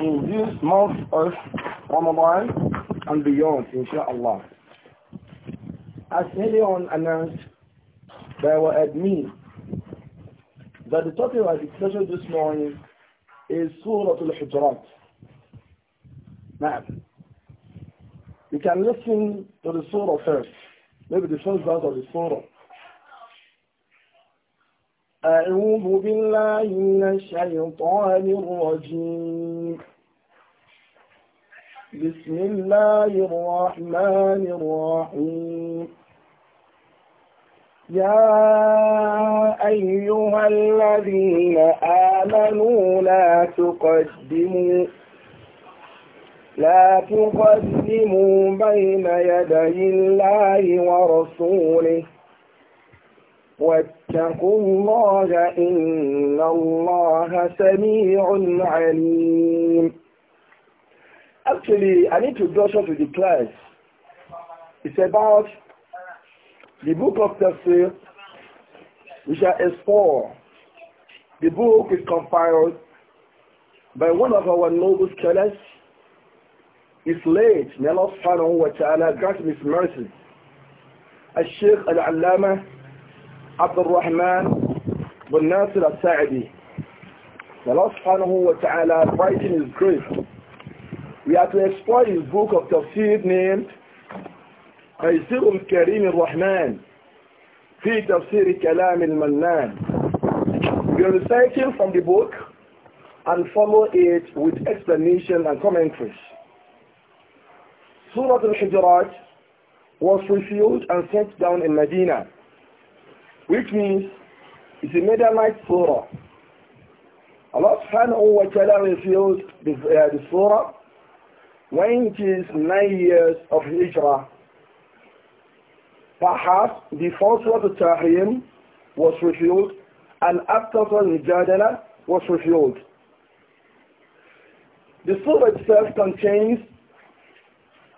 in this month of Ramadan and beyond, inshallah. As Helion announced, by were at me that the topic of discussion this morning is Surah Al-Hijrat. Now, you can listen to the Surah first, maybe the first verse of the Surah. أعوذ بالله من الشيطان الرجيم بسم الله الرحمن الرحيم يا أيها الذين آمنوا لا تقدموا لا تقدموا بين يدي الله ورسوله واتقوا الله إن الله سميع عليم Actually, I need to draw short with the class. It's about the book of Tafsir, which is for The book is compiled by one of our noble scholars. It's late. May Allah subhanahu wa ta'ala grant him his mercy. Al-Sheikh Al-Allamah Abdul Rahman bin Nasir al-Sa'di. Allah subhanahu wa ta'ala writing his grave. We are to explore his book of tafsir named al-Karim al-Rahman, الرحمن Tafsir تفسير كلام المنان We are reciting from the book and follow it with explanation and commentaries. Surah Al-Hijrat was revealed and sent down in Medina which means it's a Midianite surah. Allah subhanahu wa ta'ala revealed the, uh, the surah when it is nine years of Hijrah. Perhaps before Surah Tahrim was revealed and after Surah Mujadala was revealed. The surah itself contains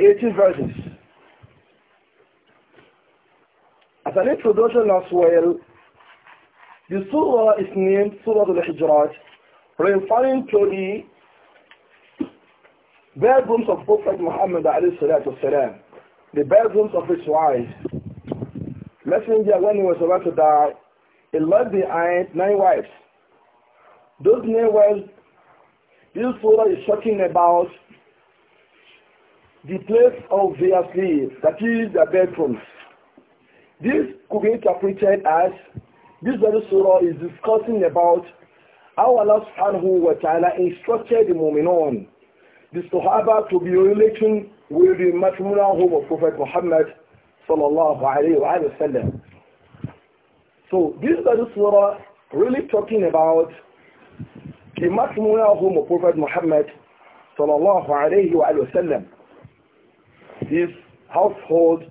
18 verses. As an introduction as well, the surah is named Surah Al-Hijrat, referring to the bedrooms of Prophet Muhammad والسلام, the bedrooms of his wife. Messenger, when he was about to die, he left behind nine wives. Those nine wives, this surah is talking about the place of their sleep, that is their bedrooms. This could be interpreted as this very surah is discussing about how Allah subhanahu wa ta'ala instructed the mu'minun, the Sahaba to be relating with the matrimonial home of Prophet Muhammad sallallahu alayhi wa sallam. So this very surah really talking about the matrimonial home of Prophet Muhammad sallallahu alayhi wa sallam, his household,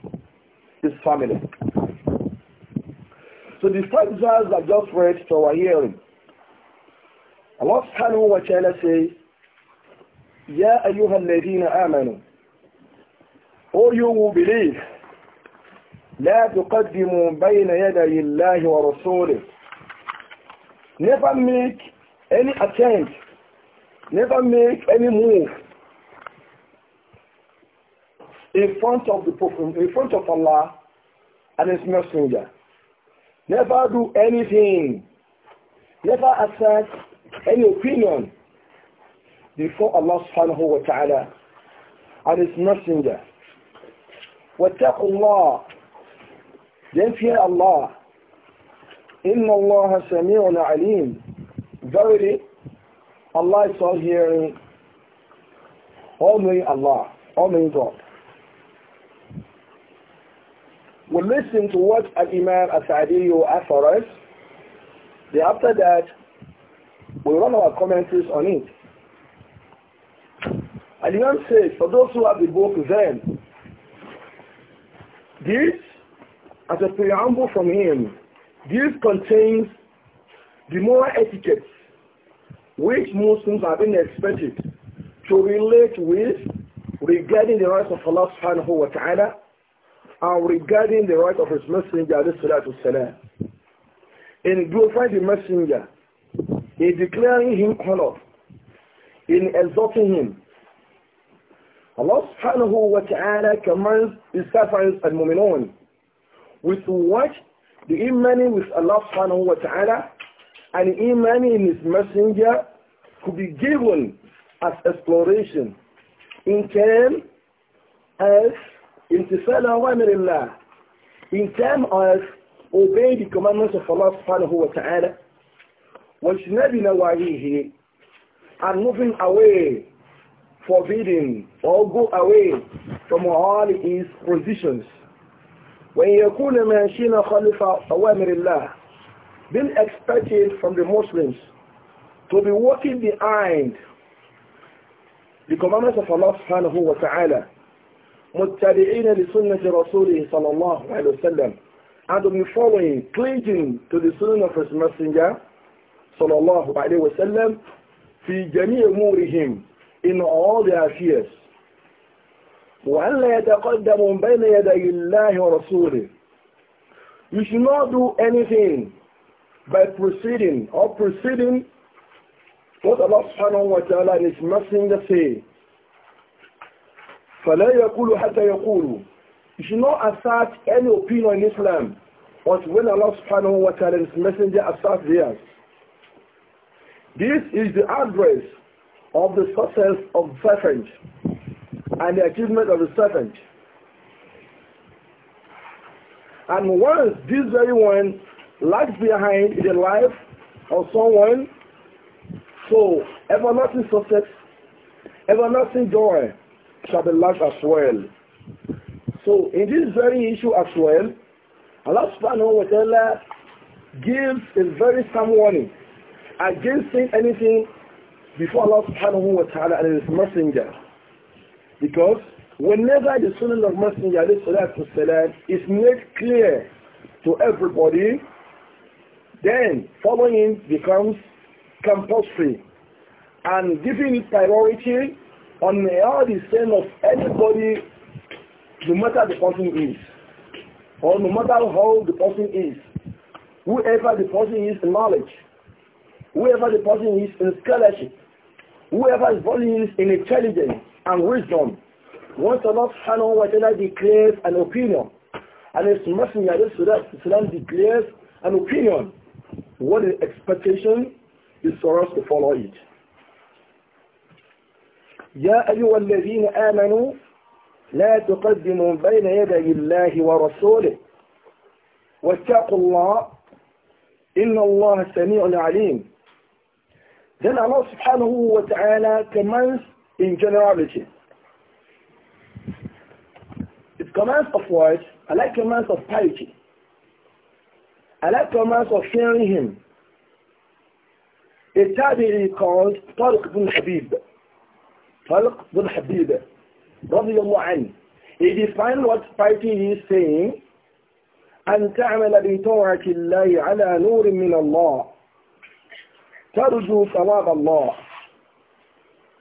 his family. So the five verses I just read to our hearing. I Allah subhanahu what ta'ala says, Ya ayyuhal ladina amanu. O you who believe, لا تقدموا بين يدي الله ورسوله. Never make any attempt, never make any move in front of the Prophet, in front of Allah and His Messenger. Never do anything. Never assert any opinion before Allah subhanahu wa ta'ala and His Messenger. وَاتَّقُوا اللَّهِ Then fear Allah. إِنَّ اللَّهَ سَمِيعٌ عَلِيمٌ Verily, Allah is all hearing, all knowing Allah, all knowing God. we listen to what Al-Imam Al-Sa'di for us. Then after that, we run our commentaries on it. And imam says, for those who have the book then, this, as a preamble from him, this contains the moral etiquettes which Muslims have been expected to relate with regarding the rights of Allah subhanahu wa ta'ala regarding the right of his messenger, والسلام, in glorifying the messenger, in declaring him honor, in exalting him. Allah subhanahu wa ta'ala commands his servants and mu'minun with what the imani with Allah subhanahu wa ta'ala and imani in his messenger could be given as exploration in terms as امتثال أوامر الله in terms of obeying the commandments of Allah subhanahu wa ta'ala واجتناب نواهيه and moving away forbidding or go away from all his positions when يكون ماشينا خلف أوامر الله being expected from the Muslims to be walking behind the commandments of Allah subhanahu wa ta'ala متبعين لسنة رسوله صلى الله عليه وسلم and will be following, clinging to the sunnah of his messenger صلى الله عليه وسلم في جميع أمورهم in all their affairs وألا يتقدموا بين يدي الله ورسوله You should not do anything by proceeding or proceeding what Allah subhanahu wa ta'ala and his messenger say فلا يقول حتى يقول You should not assert any opinion in Islam but when Allah subhanahu wa ta'ala and his messenger assert theirs. This is the address of the success of the servant and the achievement of the servant. And once this very one lags behind in the life of someone, so everlasting success, everlasting joy, Shabellash as well. So in this very issue as well, Allah subhanahu wa ta'ala gives a very strong warning against saying anything before Allah subhanahu wa ta'ala and his messenger. Because whenever the sunnah of messenger والسلام, is made clear to everybody, then following becomes compulsory and giving priority on may all the sin of anybody, no matter the person is, or no matter how the person is, whoever the person is in knowledge, whoever the person is in scholarship, whoever the person is in intelligence and wisdom, once Allah subhanahu wa ta'ala declares an opinion, and his messenger Islam declares an opinion, what is expectation is for us to follow it. يا أيها الذين آمنوا لا تقدموا بين يدي الله ورسوله واتقوا الله إن الله سميع عليم Then Allah subhanahu wa ta'ala commands in generality. It commands of words, like commands of piety. I like commands of fearing Him. A tabi'i called Tariq ibn Habib Talq bin Habib, radiallahu anhu. He defined what fighting is saying, أن تعمل بطاعة الله على نور من الله ترجو ثواب الله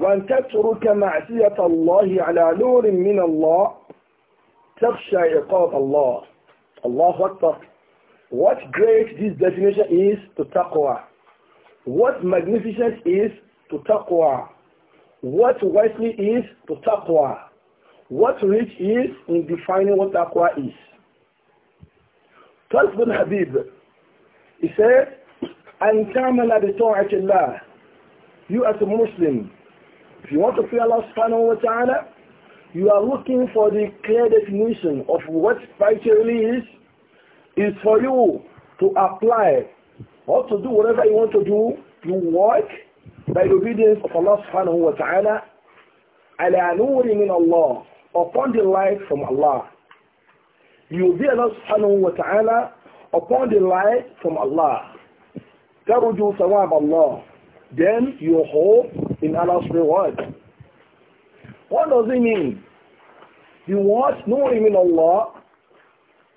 وأن تترك معصية الله على نور من الله تخشى عقاب الله الله أكبر What great this definition is to taqwa. What magnificence is to taqwa. What wisely is to taqwa. What rich is in defining what taqwa is. Talib bin Habib, he said, أن تعمل بطاعة الله. You as a Muslim, if you want to fear Allah subhanahu wa ta'ala, you are looking for the clear definition of what spiritually is, is for you to apply or to do whatever you want to do. You work, by the obedience of Allah subhanahu wa ta'ala, ala nuri min Allah, upon the light from Allah. You obey Allah subhanahu wa ta'ala upon the light from Allah. Taruju sawab Allah. Then you hope in Allah's reward. What does it mean? You word knowing in Allah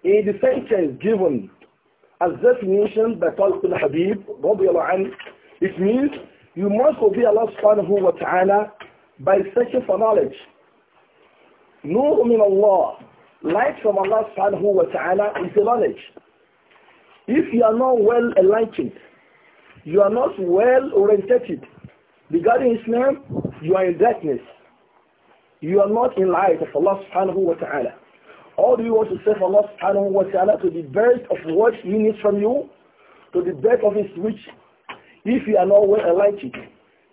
in the sentence given as definition by Talq al-Habib, it means you must obey Allah subhanahu wa ta'ala by searching for knowledge. Nur min Allah, light from Allah subhanahu wa ta'ala is the knowledge. If you are not well enlightened, you are not well oriented regarding Islam, you are in darkness. You are not in light of Allah subhanahu wa ta'ala. Or do you want to save Allah subhanahu wa ta'ala to the best of what he needs from you, to the best of his which if you are not well enlightened.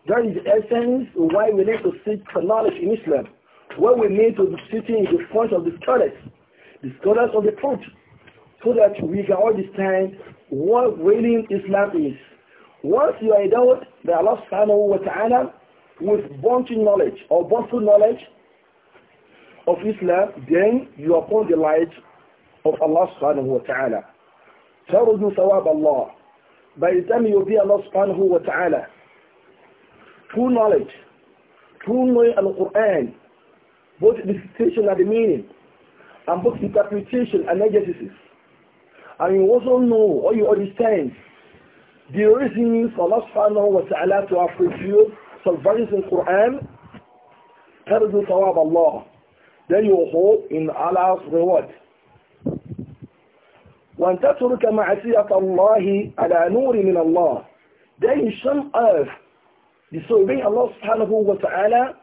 That is the essence why we need to seek for knowledge in Islam. What we need to be sitting in the front of the scholars, the scholars of the truth, so that we can understand what really Islam is. Once you are endowed by Allah subhanahu wa ta'ala with bunching knowledge or bunchful knowledge of Islam, then you are upon the light of Allah subhanahu wa ta'ala. ترجو sawab Allah. by the time you obey Allah subhanahu wa ta'ala, true knowledge, true knowing the quran both the citation and the meaning, and both interpretation and exegesis, and you also know or you understand the reasons Allah subhanahu wa ta'ala to have revealed some verses in Quran, ترجو ثواب Allah. Then you will hope in Allah's reward. وأن تترك معصية الله على نور من الله Then you shun earth, disobeying Allah subhanahu wa ta'ala,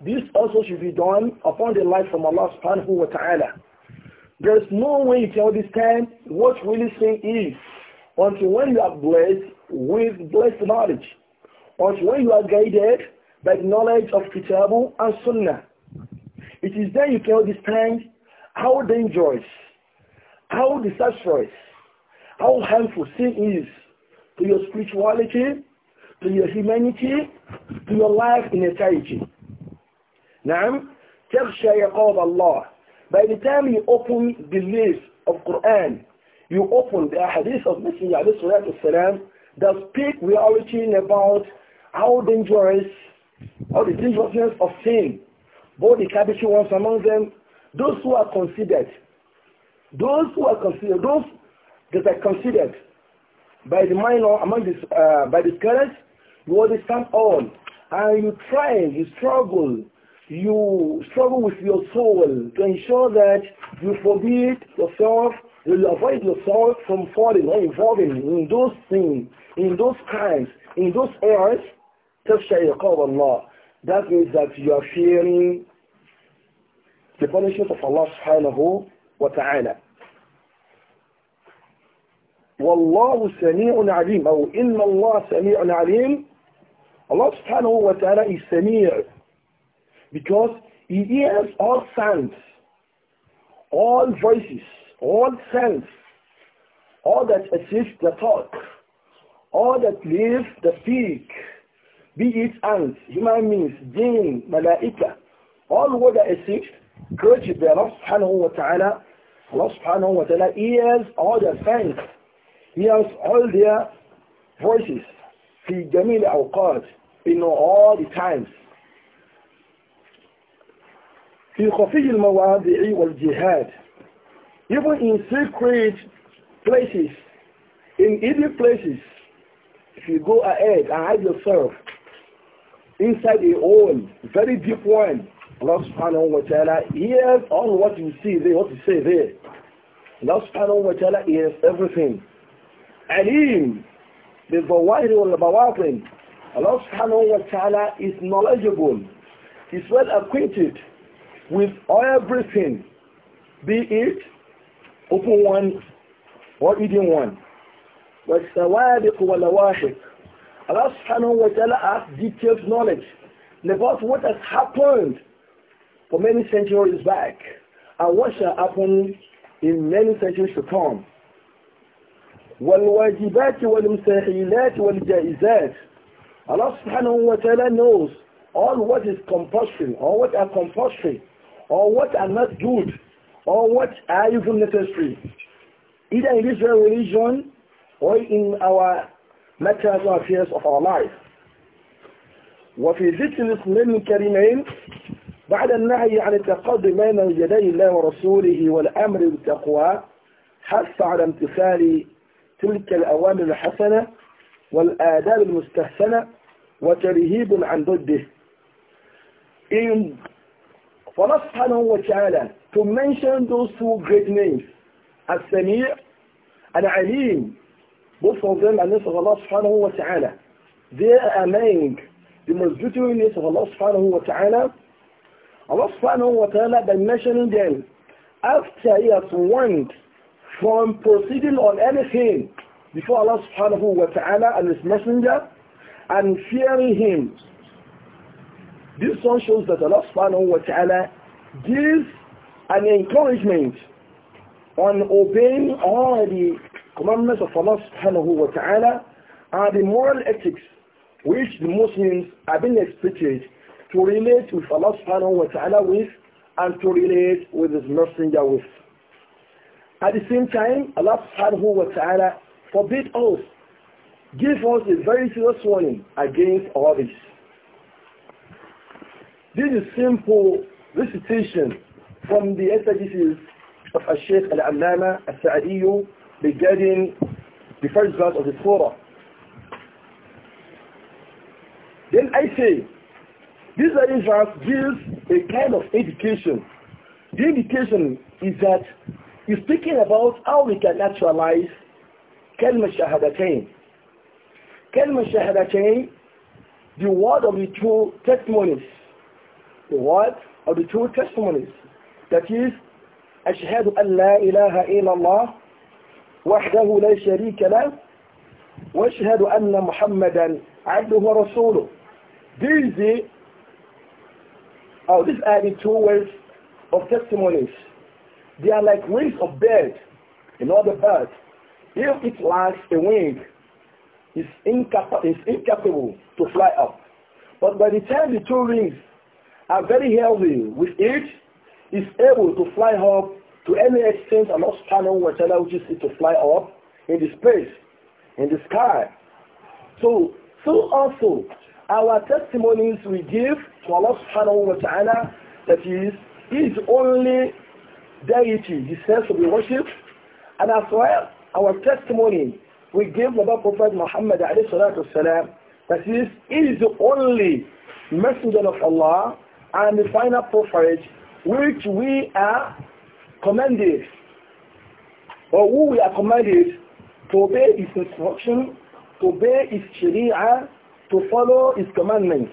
this also should be done upon the light from Allah subhanahu wa ta'ala. There's no way to understand what really sin is until when you are blessed with blessed knowledge, until when you are guided by the knowledge of Kitabu and Sunnah. It is then you can understand how dangerous how disastrous, how harmful sin is to your spirituality, to your humanity, to your life in eternity. Now, تخشى يقاب Allah. By the time you open the list of Quran, you open the hadith of Messenger والسلام, that speak reality about how dangerous, how the dangerousness of sin, both the capital ones among them, those who are considered Those who are considered, those that are considered by the minor among this, uh, by the scholars, you stand on, and you try, you struggle, you struggle with your soul to ensure that you forbid yourself, you avoid yourself from falling or involving in those things, in those crimes, in those errors. تخشى عقاب Allah. That means that you are fearing the punishment of Allah subhanahu وتعالى والله سميع عليم أو إن الله سميع عليم الله سبحانه وتعالى ta'ala is Samir because he hears all sounds, all voices, all sounds, all that assist the talk, all that live the speak, be it ants, human beings, jinn, malaika, all what that assist, created of Allah subhanahu wa ta'ala Allah subhanahu wa ta'ala hears all their things, He hears all their voices. في جميل أوقات in all the times. في خفي المواضع jihad, even in secret places, in hidden places, if you go ahead and hide yourself inside a hole, very deep one, Allah subhanahu wa ta'ala hears all what you see there, what you say there. Allah subhanahu wa ta'ala hears everything. Alim, the Zawahiri wal Bawatin. Allah subhanahu wa ta'ala is knowledgeable, is well acquainted with everything, be it open one or hidden one. والسوابق واللواحق Allah subhanahu wa ta'ala has detailed knowledge about what has happened for many centuries back and what shall happen in many centuries to come. والواجبات والمستحيلات والجائزات Allah subhanahu wa ta'ala knows all what is compulsory or what are compulsory or what are not good or what are even necessary either in this religion or in our matters or affairs of our life. وفي ذكر الاسمين الكريمين بعد النهي عن التقدم بين يدي الله ورسوله والأمر بالتقوى حث على امتثال تلك الأوامر الحسنة والآداب المستحسنة وترهيب عن ضده in Allah subhanahu wa ta'ala to mention those two great names As-Sami' and Alim both of them are names of Allah subhanahu wa ta'ala they are among the most beautiful names of Allah subhanahu wa ta'ala Allah subhanahu wa ta'ala by mentioning them after he has warned from proceeding on anything before Allah subhanahu wa ta'ala and his messenger and fearing him. This song shows that Allah subhanahu wa ta'ala gives an encouragement on obeying all the commandments of Allah subhanahu wa ta'ala and the moral ethics which the Muslims have been expected to relate with Allah subhanahu wa ta'ala with and to relate with his messenger with. At the same time, Allah subhanahu wa ta'ala forbid us, give us a very serious warning against all this. This is simple recitation from the exegesis of Al-Sheikh Al-Allama Al-Sa'adiyu regarding the first verse of the Quran. Then I say, this entrance gives a kind of education. The indication is that he's speaking about how we can actualize Kalma Shahadatain. Kalma Shahadatain, the word of the two testimonies. The word of the two testimonies. That is, أشهد أن لا إله إلا الله وحده لا شريك له وأشهد أن محمدا عبده ورسوله. This is the Oh, these are the two ways of testimonies. They are like wings of birds. In other birds, if it lacks a wing, it's, incap it's incapable to fly up. But by the time the two wings are very healthy with it, it's able to fly up to any extent and not spanning whatever which is it to fly up in the space, in the sky. So, so also, our testimonies we give to Allah subhanahu wa ta'ala that is his only deity He says to be worshipped and as well our testimony we give about Prophet Muhammad alayhi salatu wasalam that is he is the only messenger of Allah and the final prophet which we are commanded or who we are commanded to obey his instruction, to obey his sharia, to follow his commandments.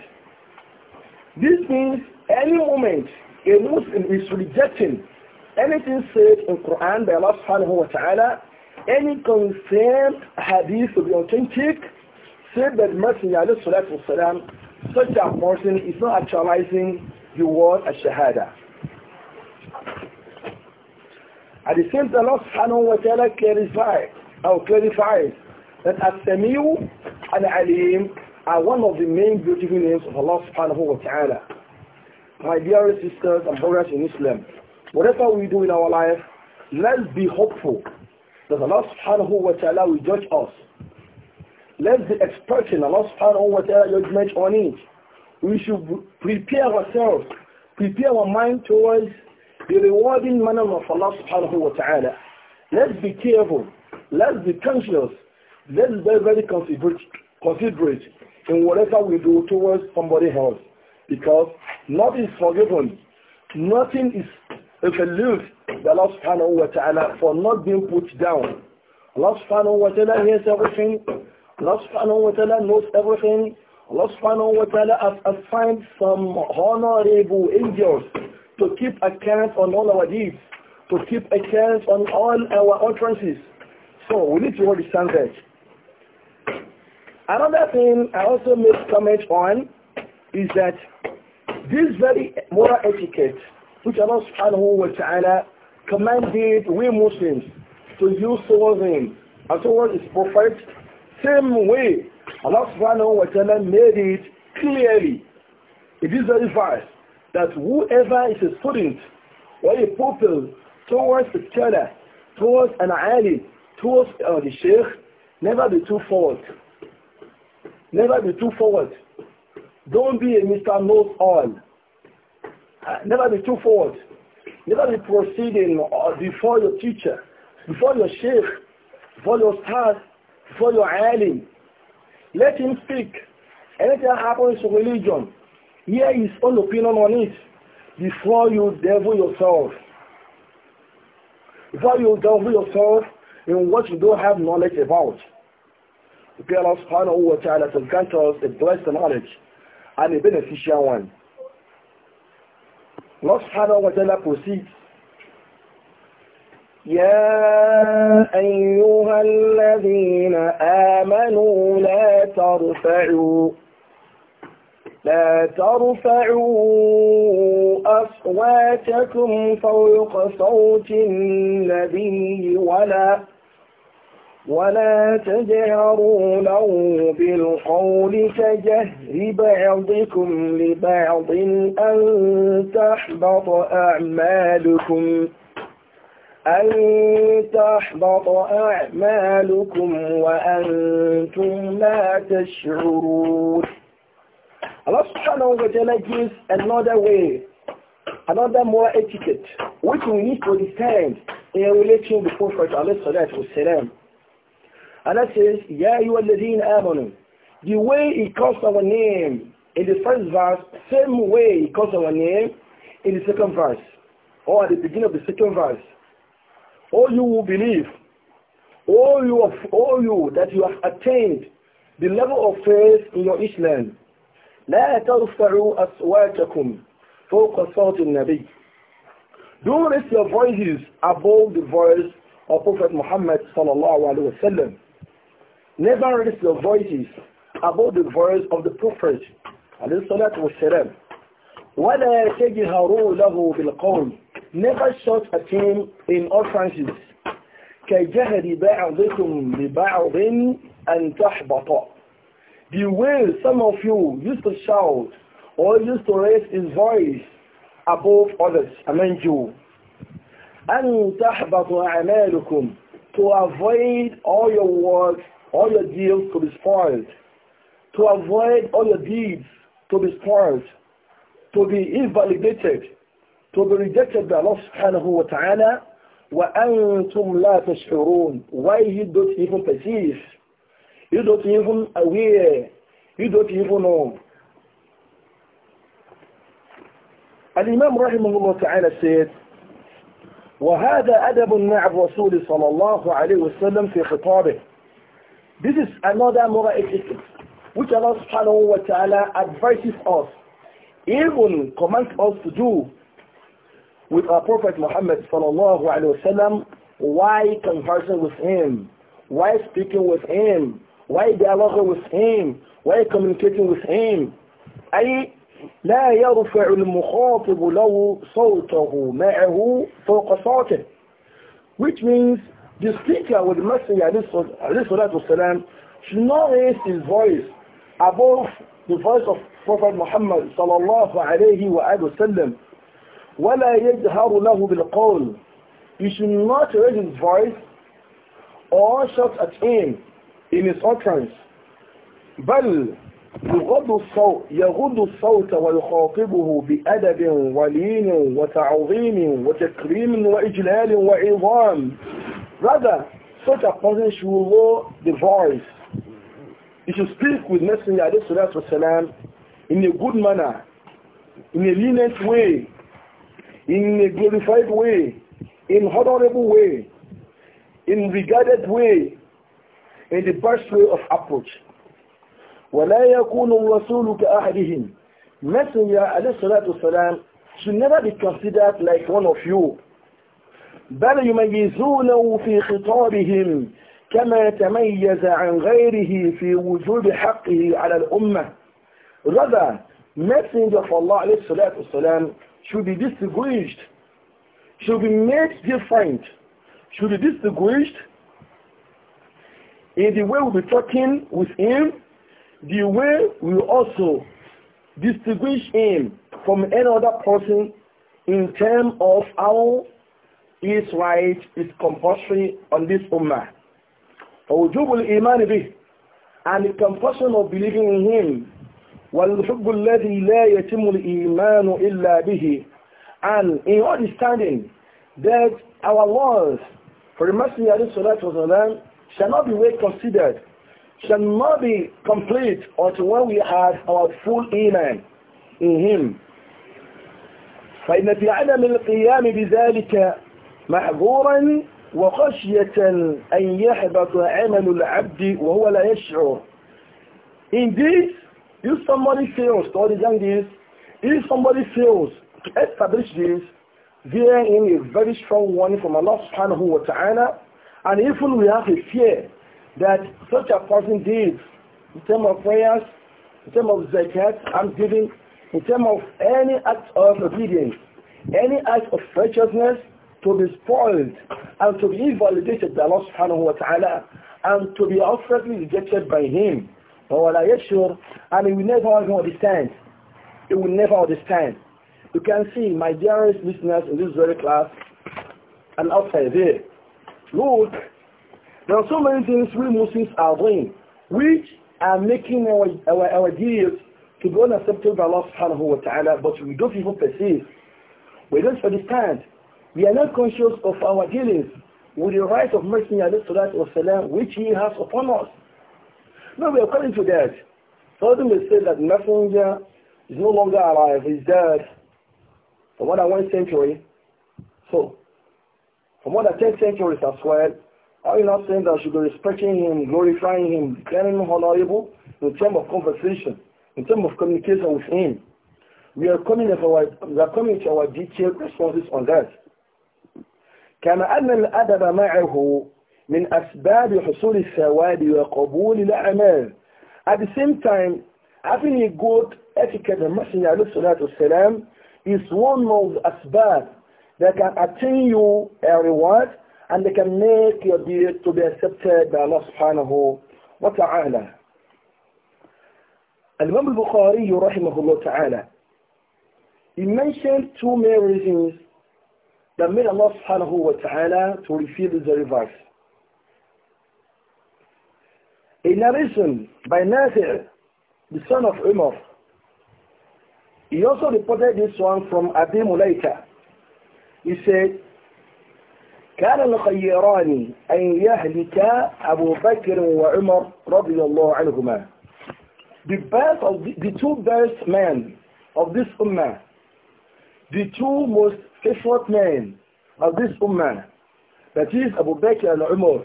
This means any moment a Muslim is rejecting anything said in Quran by Allah subhanahu wa ta'ala, any confirmed hadith to be authentic, said that Messenger alayhi salatu wasalam, such a person is not actualizing the word as shahada. At the same time, Allah subhanahu wa ta'ala clarified, or clarified that as-samiu al alim are one of the main beautiful names of Allah subhanahu wa ta'ala. My dear sisters and brothers in Islam, whatever we do in our life, let's be hopeful that Allah subhanahu wa ta'ala will judge us. Let's be expecting Allah subhanahu wa ta'ala judgment on it. We should prepare ourselves, prepare our mind towards the rewarding manner of Allah subhanahu wa ta'ala. Let's be careful. Let's be conscious. Let's be very, very considerate considerate in whatever we do towards somebody else because nothing is forgiven. Nothing is overlooked the Allah subhanahu wa ta'ala for not being put down. Allah subhanahu wa ta'ala hears everything. Allah subhanahu wa ta'ala knows everything. Allah subhanahu wa ta'ala has assigned some honorable angels to keep account on all our deeds, to keep account on all our utterances. So we need to understand that. Another thing I also made comment on is that this very moral etiquette, which Allah subhanahu wa ta'ala commanded we Muslims to use towards him and towards his prophet, same way Allah subhanahu wa ta'ala made it clearly. It is very fast that whoever is a student or a pupil towards a scholar, towards an alim, towards uh, the sheikh, never be too forward. Never be too forward. Don't be a Mr. Knows All. Uh, never be too forward. Never be proceeding uh, before your teacher, before your sheikh, before your staff, before your alim. Let him speak. Anything happens to religion, hear his own opinion on it before you devil yourself. Before you devil yourself in what you don't have knowledge about. If Allah subhanahu wa ta'ala has grant us a blessed knowledge and a beneficial one. Allah subhanahu wa ta'ala proceeds يا أيها الذين آمنوا لا ترفعوا لا ترفعوا أصواتكم فوق صوت النبي ولا ترفعوا ولا تجهروا له بالقول كجهر بعضكم لبعض أن تحبط أعمالكم أن تحبط أعمالكم وأنتم لا تشعرون Allah subhanahu wa ta'ala gives another way, another more etiquette, which we need to understand in relation with the Prophet alayhi salatu wasalam. Allah says, Ya ayyuhalladhina amanu. The way he calls our name in the first verse, same way he calls our name in the second verse, or at the beginning of the second verse. All you who believe, all you, have, all you that you have attained the level of faith in your Islam. لا ترفعوا أصواتكم فوق صوت النبي. Don't raise your voices above the voice of Prophet Muhammad sallallahu alaihi wasallam. Never raise your voices above the voice of the Prophet عليه الصلاة والسلام ولا تجهروا له بالقول Never shout at him in utterances كجهر بعضكم ببعض أن تحبط The way some of you used to shout or used to raise his voice above others among you أن تحبط أعمالكم to avoid all your works all your deals to be spoiled, to avoid all your deeds to be spoiled, to be invalidated, to be rejected by Allah subhanahu wa ta'ala, وَأَنْتُمْ لَا تَشْعُرُونَ Why you don't even perceive? You don't even aware. You don't even know. And Imam Rahimahullah Taala said وهذا أدب مع الرسول صلى الله عليه وسلم في خطابه this is another moral existence which Allah subhanahu wa ta'ala advises us, even commands us to do with our Prophet Muhammad sallallahu alayhi wasallam, why conversing with him, why speaking with him, why dialogue with him, why communicating with him. أي لا يرفع المخاطب له صوته معه فوق صوته which means the speaker with the messenger, والسلام, should not raise his voice above the voice of Prophet Muhammad صلى الله عليه وآله وسلم ولا يجهر له بالقول You should not raise his voice or shout at him in his utterance بل يغض الصوت يغض الصوت ويخاطبه بأدب ولين وتعظيم وتكريم وإجلال وعظام Rather, such a person should lower the voice. He should speak with Messenger والسلام, in a good manner, in a lenient way, in a glorified way, in honorable way, in regarded way, in the best way of approach. ولا يكون الرسول كأحدهم Messenger عليه الصلاة والسلام should never be considered like one of you بل يميزونه في خطابهم كما تميز عن غيره في وجود حقه على الأمة Rather, Messenger of Allah والسلام, should be distinguished, should be made different, should be distinguished in the way we be talking with him, the way we also distinguish him from any other person in terms of our is right, is compulsory on this ummah. ووجوب الإيمان به and the compulsion of believing in him والحب الذي لا يتم الإيمان إلا به and in understanding that our laws for the Messenger of Allah shall not be well considered shall not be complete until when we have our full iman in him فإن في عدم القيام بذلك معذورا وخشية أن يحبط عمل العبد وهو لا يشعر Indeed, if somebody fails to understand this, if somebody fails to establish this, therein a very strong warning from Allah subhanahu wa ta'ala, and even we have a fear that such a person did in terms of prayers, in terms of zakat, I'm giving, in terms of any act of obedience, any act of righteousness, to be spoiled and to be invalidated by Allah subhanahu wa ta'ala and to be outrightly rejected by him. وَلَا assure, And he will never even understand. He will never understand. You can see, my dearest listeners in this very class and outside there, look, there are so many things we Muslims are doing which are making our, our, our deeds to be unacceptable by Allah subhanahu wa ta'ala, but we don't even perceive. We don't understand. We are not conscious of our dealings with the right of of والسلام, which he has upon us. No, we are coming to that. Some may say that Messenger is no longer alive, he's dead. For more than one century, so, for more than 10 centuries as well, are you not saying that you should be respecting him, glorifying him, declaring him honorable in terms of conversation, in terms of communication with him? We are coming, our, we are coming to our detailed responses on that. كما أن الأدب معه من أسباب حصول الثواب وقبول الأعمال At the same time, having a good etiquette and messenger عليه الصلاة والسلام is one of the asbab that can attain you a reward and they can make your deed to be accepted by Allah subhanahu wa ta'ala. Al-Imam al-Bukhari رحمه الله تعالى, he mentioned two main reasons that made Allah subhanahu wa ta'ala to receive the reward. A narration by Nasir, the son of Umar, he also reported this one from Abi Mulaika. He said, كان الخيران أن يهلك أبو بكر وعمر رضي الله عنهما. The best of the, the two best men of this ummah, the two most short men of this ummah, that is Abu Bakr and Umar,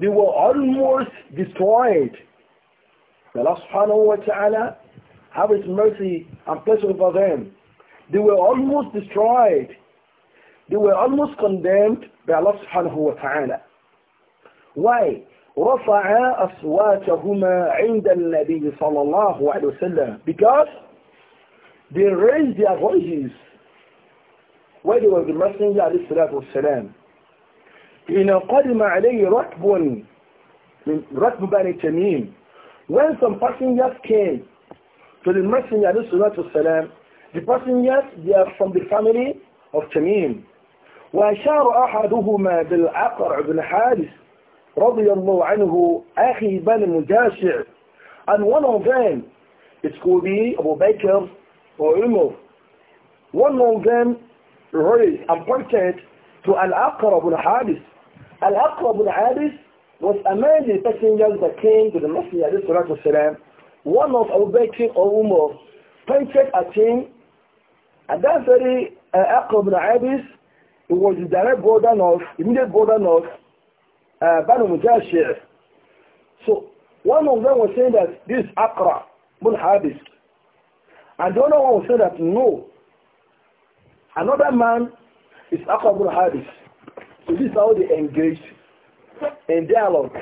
they were almost destroyed. Allah subhanahu wa ta'ala have his mercy and pleasure for them. They were almost destroyed. They were almost condemned by Allah subhanahu wa ta'ala. Why? رفع أصواتهما عند النبي صلى الله عليه وسلم because they raised their voices وادي وادي المسنج عليه الصلاة والسلام إن قدم عليه ركب من ركب بني تميم when some passengers came to the messenger عليه الصلاة والسلام the passengers they are from the family of تميم وأشار أحدهما بالعقر بن حارث رضي الله عنه أخي بن مجاشع and one of them it could be Abu Bakr or Umar one of them raised and pointed to Al-Aqrab al hadis Al-Aqrab al hadis was a man the passengers that came to the Messenger of Islam. One of Abu Bakr or Umar pointed at him and that very Al uh, Aqrab al hadis it was the direct border of, immediate border of uh, Banu Mujashir. So one of them was saying that this Aqra, Bun Habis. And the other one was saying that no, Another man is Akhabul Hadith. So this is how they engage in dialogue,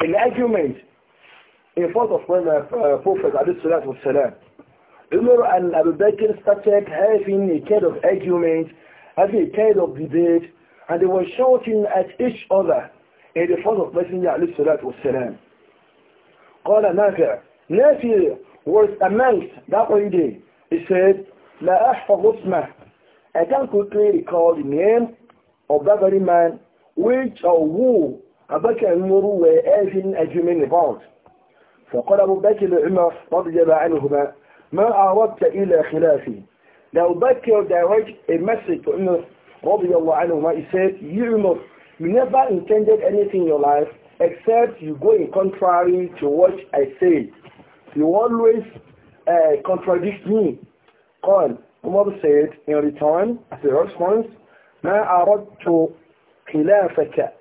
in argument, in front of when uh, uh, Prophet والسلام. Umar and Abu Bakr started having a kind of argument, having a kind of debate, and they were shouting at each other in the front of Messenger عليه الصلاة والسلام. قال نافع نافع was amongst that one day. He said, لا أحفظ اسمه I can quickly recall the name of that very man which or who Abubakar and Umaru were having argument about. فقال أبو بكر لعمر رضي الله عنهما ما أردت إلى خلافي Now Bakr direct a message to Umar رضي الله عنهما he said you Umar you never intended anything in your life except you go in contrary to what I say. you always uh, contradict me قال Umar said in return, as a response, ما أردت خلافك.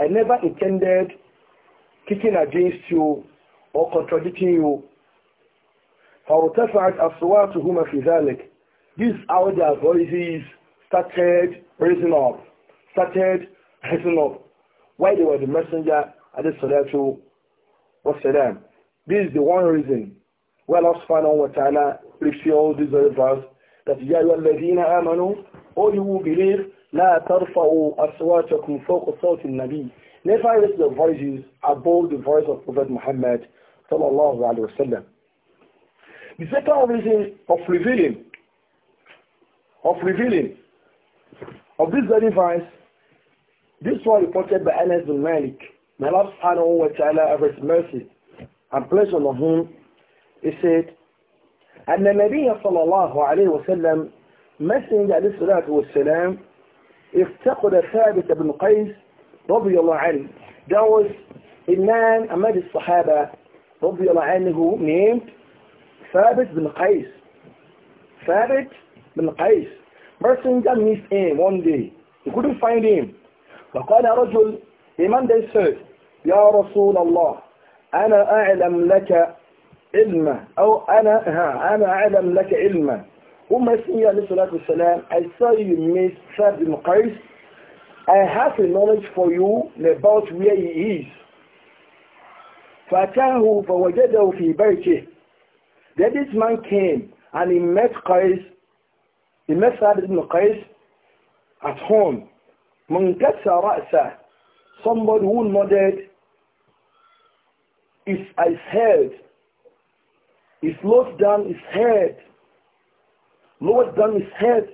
I never intended kicking against you or contradicting you. فارتفعت أصواتهما في ذلك. This is how their voices started raising up, started raising up. Why they were the messenger, alayhi salatu wasalam. This is the one reason Well, Allah subhanahu wa ta'ala reveals this verse that يَا الَّذِينَ آمَنُوا All you who believe لَا تَرْفَعُوا أَصْوَاتَكُمْ فَوْقَ صَوْتِ النَّبِيِّ Never raise the voices above the voice of Prophet Muhammad sallallahu alayhi wa The second reason of revealing, of revealing, of this very verse, this one reported by Anas bin Malik, may Allah subhanahu wa ta'ala have mercy and pleasure on him He said, أن النبي صلى الله عليه وسلم مسجد عليه الصلاة والسلام افتقد ثابت بن قيس رضي الله عنه There was a man among the Sahaba رضي الله عنه named ثابت بن قيس ثابت بن قيس Messenger missed him one day He couldn't find him فقال رجل A man they said يا رسول الله أنا أعلم لك علما أو أنا ها أنا أعلم لك علما وما اسمي عليه الصلاة والسلام I saw you miss Sa'd ibn Qais I have a knowledge for you about where he is فأتاه فوجده في بيته Then this man came and he met Qais he met Sa'd ibn Qais at home من كسر رأسه somebody who nodded is his head He lowered down his head, lowered down his head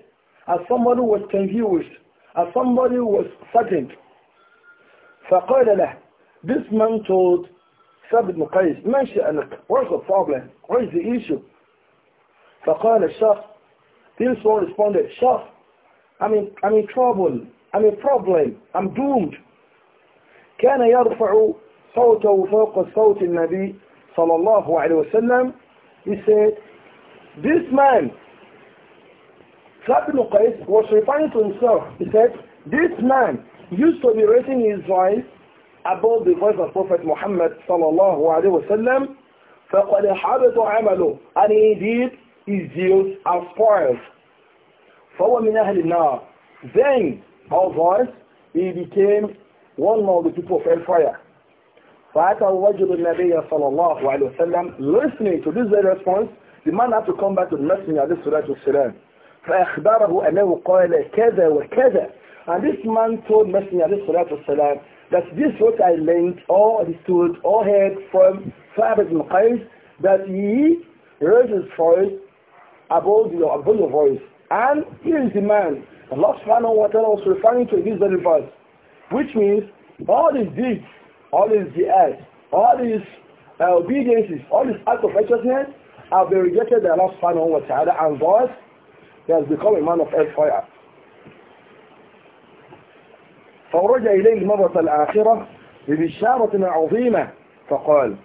as somebody was confused, as somebody was frightened. فقال له, this man told Sabid ibn Qais, شأنك? What's the problem? What is the issue? فقال الشخص, this one responded, شخص, I'm in, I'm in trouble, I'm in problem, I'm doomed. كان يرفع صوته فوق صوت النبي صلى الله عليه وسلم He said, this man, Clapping Qais was referring to himself. He said, this man used to be raising his voice above the voice of Prophet Muhammad sallallahu alayhi wa sallam, فَقَدْ حَبَتُ عَمَلُهُ And indeed, his deeds are spoiled. فَوَ مِنْ أَهْلِ النَّارِ Then, our voice, he became one of the people of fire.'" فأتى الرجل النبي صلى الله عليه وسلم listening to this very response the man had to come back to the messenger عليه الصلاة والسلام فأخبره أنه قال كذا وكذا and this man told messenger عليه الصلاة والسلام that this what I learned or understood or heard from Thabit bin Qais that he raised his voice above your, above your voice and he is the man Allah subhanahu wa ta'ala was referring to this very verse which means all the deeds all his deeds, all his uh, obediences, all his acts of righteousness have been rejected by Allah subhanahu wa ta'ala and thus he has become a man of earth fire. فرجع إليه المرة الآخرة ببشارة عظيمة فقال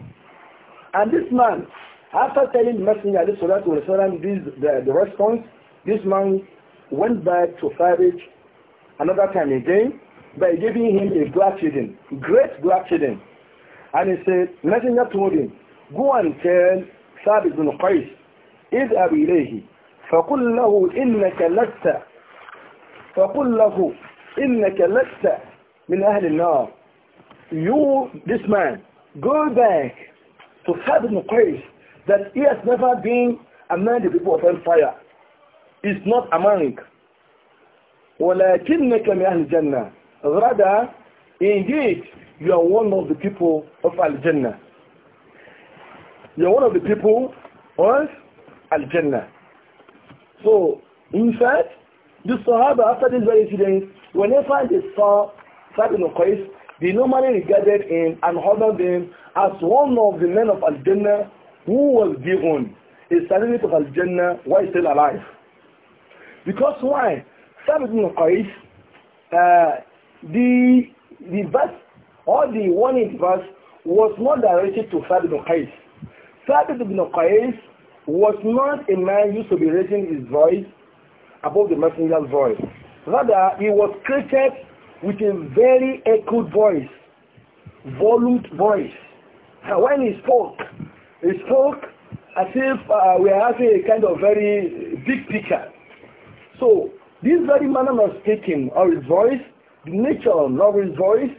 And this man, after telling the Messenger عليه الصلاة والسلام this, the, the response, this man went back to Farage another time again by giving him a children, great children. And he said, Messenger told him, go and tell Sabi bin Qais, اذهب إليه فقل له إنك لست فقل له إنك لست من أهل النار. You, this man, go back to Sabi bin Qais that he has never been among the people of empire. He's not among. ولكنك من أهل الجنة Rather, indeed, you are one of the people of Al-Jannah. You are one of the people of Al-Jannah. So, in fact, the Sahaba, after this very incident, whenever they saw Sa'd ibn Qais, they normally regarded him and honored him as one of the men of Al-Jannah who was given a certificate of Al-Jannah while still alive. Because why? Sa'd ibn Qais, uh, the, the verse or the warning verse was not directed to Thabit bin Qais. Thabit bin Qais was not a man used to be raising his voice above the messenger's voice. Rather, he was created with a very echoed voice, volute voice. And when he spoke, he spoke as if uh, we are having a kind of very big picture. So, this very manner of speaking, or his voice, nature of voice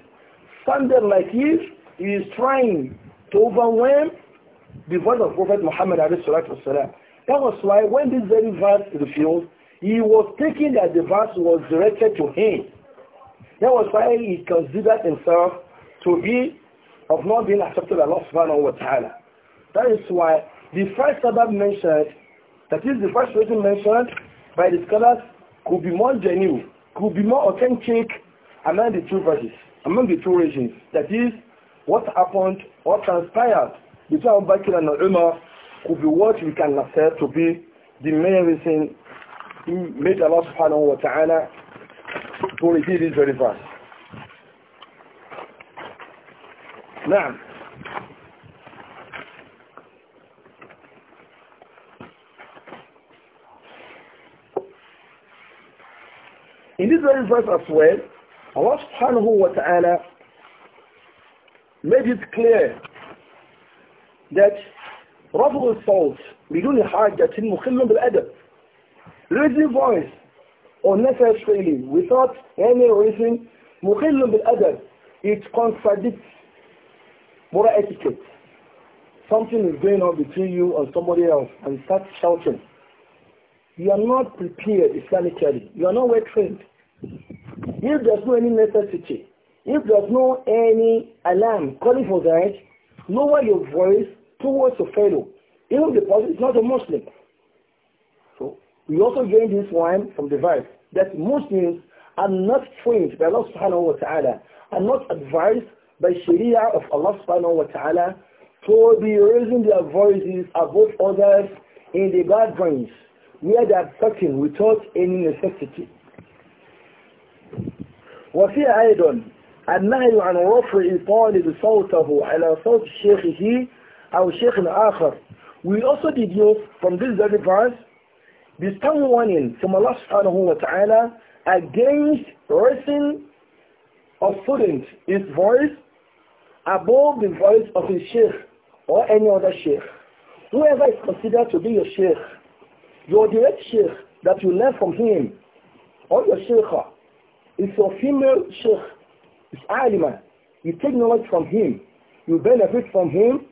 sounded like if he is trying to overwhelm the voice of Prophet Muhammad That was why when this very verse revealed, he was thinking that the verse was directed to him. That was why he considered himself to be of not being accepted by Allah subhanahu wa ta'ala. That is why the first sabab mentioned, that is the first reason mentioned by the scholars, could be more genuine, could be more authentic among the two verses, among the two regions. That is, what happened what transpired between Abu Bakr and Umar could be what we can accept to be the main reason he made Allah subhanahu wa ta'ala to repeat this very verse. Now, In this very verse as well, Allah subhanahu wa ta'ala made it clear that رفض الصوت بدون حاجة مخل بالأدب raising voice unnecessarily without any reason مخل adab, it contradicts moral etiquette something is going on between you and somebody else and start shouting you are not prepared Islamically you are not well trained if there's no any necessity, if there's no any alarm calling for that, lower your voice towards your fellow. Even the person is not a Muslim. So we also gain this one from the verse that Muslims are not trained by Allah subhanahu wa ta'ala, are not advised by Sharia of Allah subhanahu wa ta'ala to be raising their voices above others in the gatherings where they are talking without any necessity. وفي أيضا النهي عن رفع طالب صوته على صوت شيخه أو شيخ آخر We also deduce from this very verse the strong warning from Allah subhanahu wa ta'ala against raising a student his voice above the voice of his sheikh or any other sheikh. Whoever is considered to be your sheikh, your direct sheikh that you learn from him, or your sheikh, if your female sheikh is alima, you take knowledge from him, you benefit from him,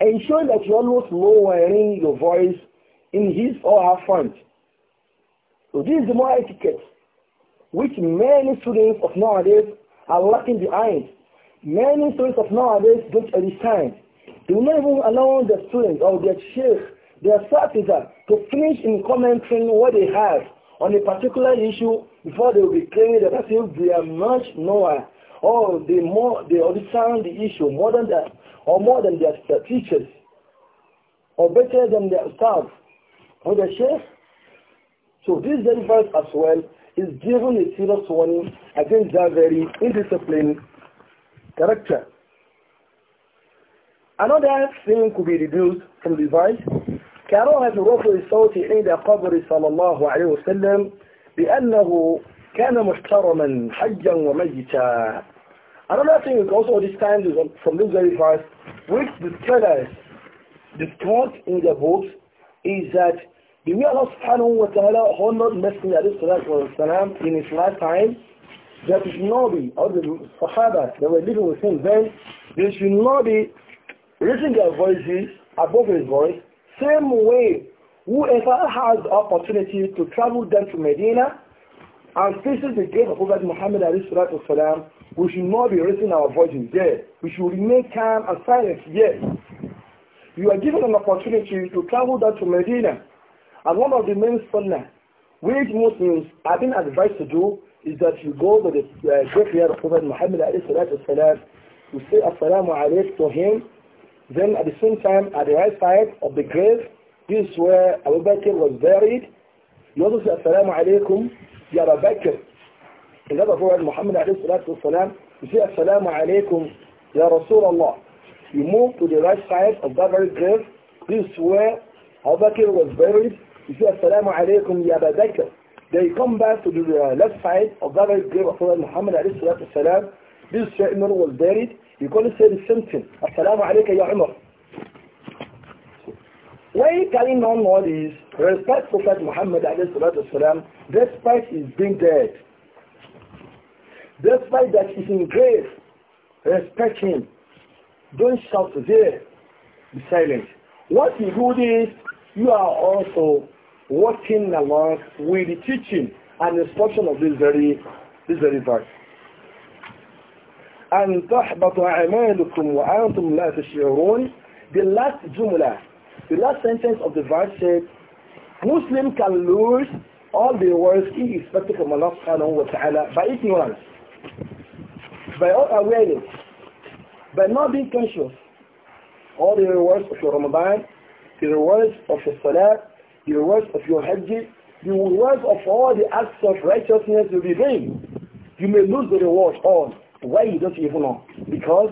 ensure that you always lowering your voice in his or her front. So this is the moral etiquette which many students of nowadays are lacking behind. Many students of nowadays don't understand. They will not even allow their students or their sheikh, their staff to finish in commenting what they have on a particular issue before they will be claiming that as if they are much knower or oh, they more they understand the issue more than that or more than their teachers or better than their staff or their chef. So this very verse as well is given a serious warning against that very indisciplined character. Another thing could be reduced from the verse كراهة رفع الصوت عند قبر صلى الله عليه وسلم بأنه كان محترما حجا وميتا Another thing is also understand from this very verse, which the scholars discussed in the books, is that the way Allah subhanahu wa ta'ala honored Messenger والسلام, in his lifetime, that it should or the Sahaba that were living with him then, they should not be raising their voices above his voice same way, whoever has the opportunity to travel down to Medina and faces the grave of Prophet Muhammad we should not be raising our voices there. We should remain calm and silent Yes, You are given an opportunity to travel down to Medina. And one of the main sunnah which Muslims have been advised to do is that you go to the grave uh, graveyard of Prophet Muhammad والسلام, you say assalamu alaikum to him then at the same time, at the right side of the grave, this is where Abu Bakr was buried. You also say, Assalamu alaikum, Ya Abu Bakr. In other words, Muhammad alayhi salatu wasalam, you say, Assalamu alaikum, Ya Rasulullah. You move to the right side of that very grave. This is where Abu Bakr was buried. You say, Assalamu alaikum, Ya Abu Bakr. They come back to the uh, left side of that very grave of Muhammad alayhi salatu wasalam. This is where Imran was buried. يقول say the same thing السلام عليك يا عمر When he carrying on all this, respect Prophet Muhammad والسلام, despite his being dead, despite that he's in grave, respect him. Don't shout there. Be silent. What you do is you are also working along with the teaching and instruction of this very, this very verse. أن تحبط أعمالكم وأنتم لا تشعرون The last jumla, the last sentence of the verse said, Muslim can lose all the words he expected from Allah subhanahu wa ta'ala by ignorance, by unawareness, by not being conscious. All the rewards of your Ramadan, the rewards of your Salah, the rewards of your Hajj, the rewards of all the acts of righteousness will be vain. You may lose the reward all why you don't even know? Because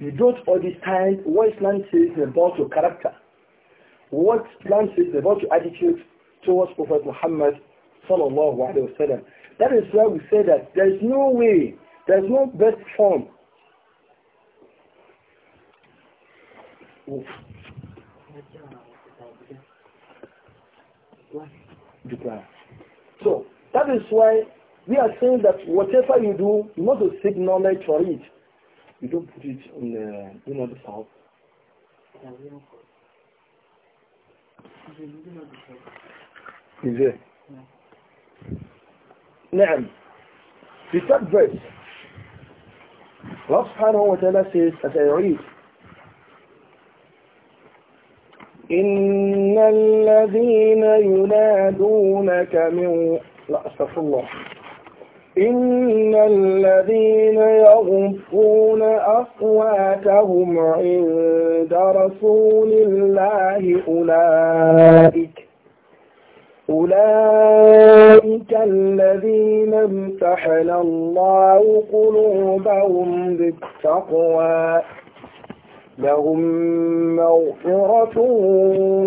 you don't understand what Islam says about your character, what Islam says about your attitude towards Prophet Muhammad sallallahu alaihi wasallam. That is why we say that there is no way, there is no best form So that is why We are saying that whatever you do, you want to seek knowledge for it. You don't put it in the, you know, the south. Is it? Yeah. The third verse الله سبحانه وتعالى says as I read إن الذين ينادونك من لا أستغفر الله إن الذين يغفون أصواتهم عند رسول الله أولئك أولئك الذين امتحن الله قلوبهم بالتقوى لهم مغفرة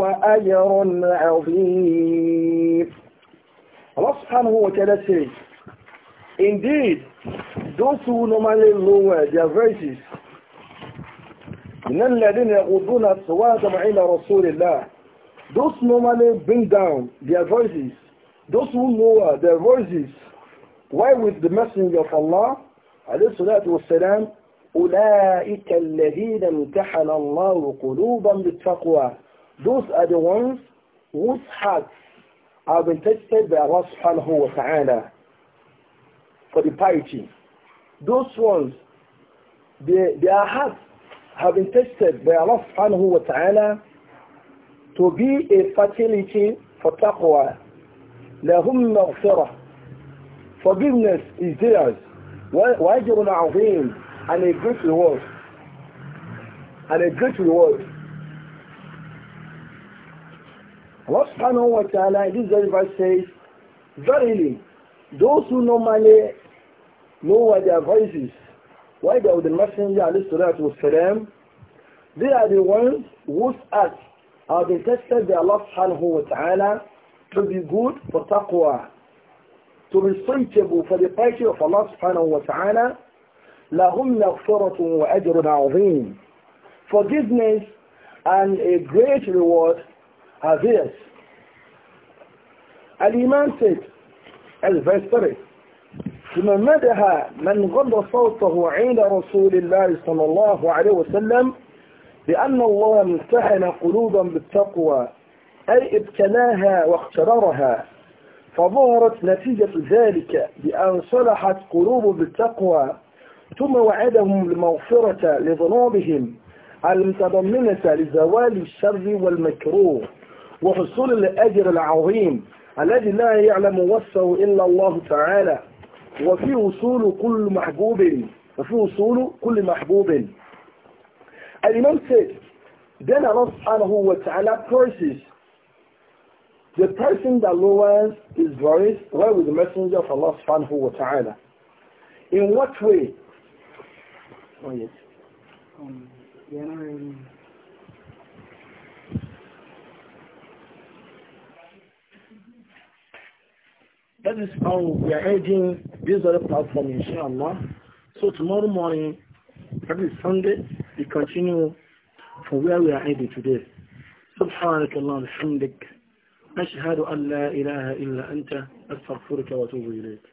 وأجر عظيم الله سبحانه وتعالى سيد Indeed, those who normally lower their voices, من الذين يغضون أصواتهم عند الله Those normally bring down their voices, those who lower their voices, why with the messenger of Allah, عليه الصلاة والسلام, أولئك الذين امتحن الله قلوبهم للتقوى Those are the ones whose hearts have been tested by Allah subhanahu wa ta'ala. for the piety. Those ones, they, their hearts have been tested by Allah subhanahu wa ta'ala to be a facility for taqwa. لهم مغفرة Forgiveness is theirs. وأجر عظيم and a great reward. And a great reward. Allah subhanahu wa ta'ala this verse says, Verily, those who normally why their voices. Why are the Messenger them. they are the ones whose acts have been tested by Allah subhanahu wa ta'ala to be good for taqwa, to be suitable for the pleasure of Allah subhanahu wa ta'ala. لهم وأجر عظيم Forgiveness and a great reward are theirs. Al-Iman said, al verse 3, ثم مدها من غض صوته عند رسول الله صلى الله عليه وسلم بأن الله امتحن قلوبا بالتقوى أي ابتلاها واختبرها فظهرت نتيجة ذلك بأن صلحت قلوب بالتقوى ثم وعدهم المغفرة لذنوبهم المتضمنة لزوال الشر والمكروه وحصول الأجر العظيم الذي لا يعلم وصفه إلا الله تعالى وفي وصول كل محبوب وفي وصول كل محبوب الإمام said then Allah subhanahu wa ta'ala curses the person that lowers his voice where with the messenger of Allah subhanahu wa ta'ala in what way oh yes um, yeah, That is how we are ending this other platform, inshallah. So tomorrow morning, that is Sunday, we continue from where we are ending today. سبحانك اللهم وبحمدك أشهد أن لا إله إلا أنت أستغفرك وأتوب إليك